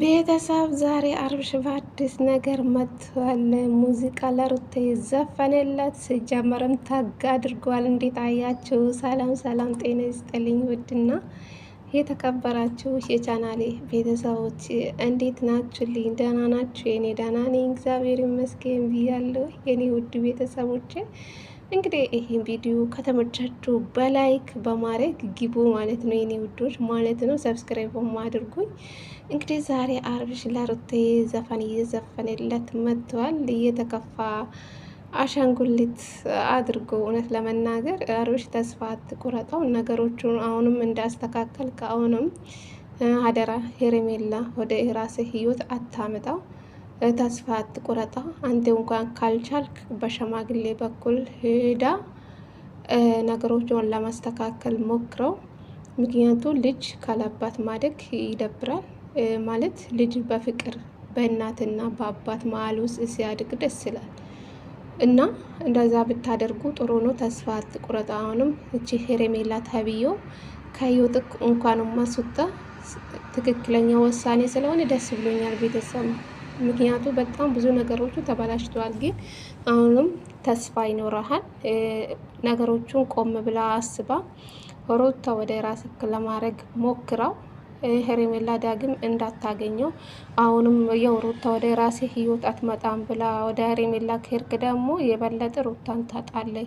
ቤተሰብ ዛሬ አብርሽ በአዲስ ነገር መጥቷል። ሙዚቃ ለሩት ዘፈነለት ሲጀመርም ታጋ አድርጓል። እንዴት አያችሁ? ሰላም ሰላም፣ ጤና ይስጥልኝ ውድና የተከበራችሁ የቻናሌ ቤተሰቦች እንዴት ናችሁልኝ? ደህና ናችሁ? የኔ ደህና ነኝ እግዚአብሔር ይመስገን ብያለሁ። የኔ ውድ ቤተሰቦች እንግዲህ ይህን ቪዲዮ ከተመቻችሁ በላይክ በማድረግ ግቡ ማለት ነው የኔ ውዶች ማለት ነው። ሰብስክራይብ በማድርጉኝ እንግዲህ ዛሬ አብርሽ ለሩቴ ዘፈን እየዘፈነለት መጥቷል እየተከፋ አሻንጉሊት አድርጎ እውነት ለመናገር አብርሽ ተስፋ አትቁረጠው። ነገሮቹን አሁንም እንዳስተካከል ከአሁንም አደራ ሄርሜላ ወደ ራስህ ህይወት አታምጣው። ተስፋ አትቁረጣ። አንተ እንኳን ካልቻልክ በሸማግሌ በኩል ሄዳ ነገሮችን ለማስተካከል ሞክረው። ምክንያቱ ልጅ ካላባት ማደግ ይደብራል። ማለት ልጅ በፍቅር በእናትና በአባት መሀል ውስጥ ሲያድግ ደስ ይላል። እና እንደዛ ብታደርጉ ጥሩ ነው። ተስፋ አትቁረጥ። አሁንም እቺ ሄሬሜላ ተብዮ ከህይወትክ እንኳን ማስወጣ ትክክለኛ ውሳኔ ስለሆነ ደስ ብሎኛል ቤተሰብ። ምክንያቱ በጣም ብዙ ነገሮቹ ተበላሽተዋል፣ ግን አሁንም ተስፋ ይኖረሃል። ነገሮቹን ቆም ብላ አስባ ሮታ ወደ ራስክ ለማድረግ ሞክራው ሄሬሜላ ዳግም እንዳታገኘው አሁንም ያው ሩታ ወደ ራሴ ህይወት አትመጣም ብላ ወደ ሄሬሜላ ከሄድክ ደግሞ የበለጠ ሩታን ታጣለይ።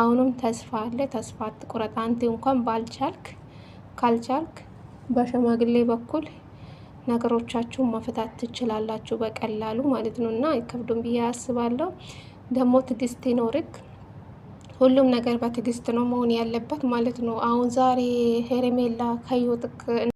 አሁንም ተስፋ አለ፣ ተስፋ አትቁረጥ። አንተ እንኳን ባልቻልክ ካልቻልክ በሸማግሌ በኩል ነገሮቻችሁን መፍታት ትችላላችሁ በቀላሉ ማለት ነው። እና ይከብዱም ብዬ አስባለሁ። ደግሞ ትግስት ይኖርክ። ሁሉም ነገር በትግስት ነው መሆን ያለበት ማለት ነው። አሁን ዛሬ ሄሬሜላ ከህይወት